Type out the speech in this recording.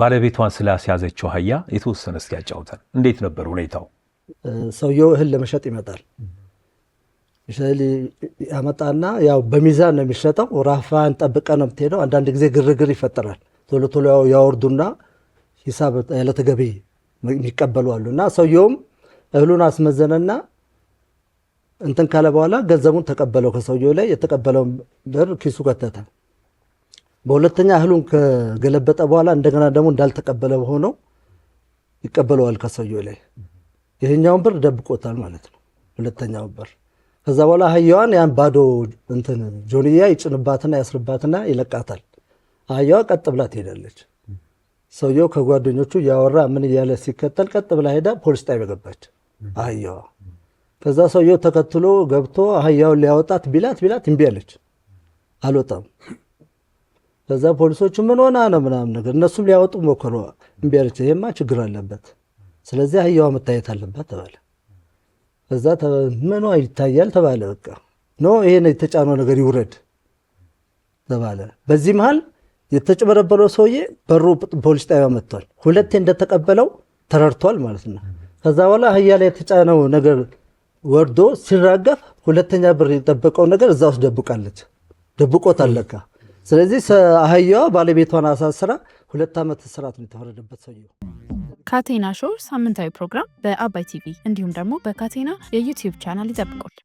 ባለቤቷን ስላስያዘችው አህያ የተወሰነ እስኪ ያጫውተን። እንዴት ነበር ሁኔታው? ሰውየው እህል ለመሸጥ ይመጣል። ያመጣና ያው በሚዛን ነው የሚሸጠው። ራፋን ጠብቀ ነው የምትሄደው። አንዳንድ ጊዜ ግርግር ይፈጠራል። ቶሎ ቶሎ ያወርዱና ሂሳብ ያለተገቢ ገቢ የሚቀበሉ አሉ። እና ሰውየውም እህሉን አስመዘነና እንትን ካለ በኋላ ገንዘቡን ተቀበለው። ከሰውየው ላይ የተቀበለውን ብር ኪሱ ከተተ። በሁለተኛ እህሉን ከገለበጠ በኋላ እንደገና ደግሞ እንዳልተቀበለ ሆነው ይቀበለዋል ከሰውየው ላይ። ይህኛውን ብር ደብቆታል ማለት ነው፣ ሁለተኛው ብር። ከዛ በኋላ አህያዋን ያን ባዶ እንትን ጆንያ ይጭንባትና ያስርባትና ይለቃታል። አህያዋ ቀጥ ብላ ትሄዳለች። ሰውየው ከጓደኞቹ እያወራ ምን እያለ ሲከተል ቀጥ ብላ ሄዳ ፖሊስ ጣቢያ ገባች አህያዋ። ከዛ ሰውየው ተከትሎ ገብቶ አህያውን ሊያወጣት ቢላት ቢላት እምቢ አለች፣ አልወጣም ከዛ ፖሊሶቹ ምን ሆና ነው ምናምን ነገር እነሱም ሊያወጡ ሞከሩ። እምቢያለች። ይሄማ ችግር አለበት፣ ስለዚህ አህያዋ መታየት አለባት ተባለ። ከዛ ምኗ ይታያል ተባለ። በቃ ኖ ይሄ የተጫነው ነገር ይውረድ ተባለ። በዚህ መሃል የተጭበረበረው ሰውዬ በሩ ፖሊስ ጣቢያ መጥቷል። ሁለቴ እንደተቀበለው ተረድቷል ማለት ነው። ከዛ በኋላ አህያ ላይ የተጫነው ነገር ወርዶ ሲራገፍ ሁለተኛ ብር የጠበቀው ነገር እዛ ውስጥ ደብቃለች፣ ደብቆት አለካ ስለዚህ አህያዋ ባለቤቷን አሳስራ ሁለት ዓመት እስራት ነው የተፈረደበት ሰውዬው። ካቴና ሾው ሳምንታዊ ፕሮግራም በአባይ ቲቪ እንዲሁም ደግሞ በካቴና የዩቲዩብ ቻናል ይጠብቁል።